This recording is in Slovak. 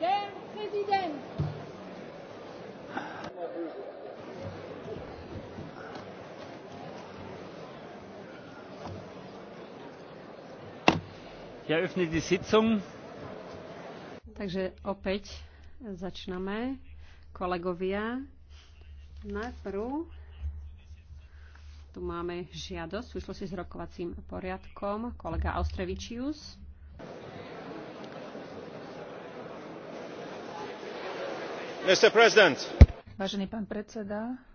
Ja öffne die Sitzung. Takže opäť začneme. Kolegovia, najprv tu máme žiadosť v súvislosti s rokovacím poriadkom kolega Austrevičius. vážený pán predseda vážený pán komisár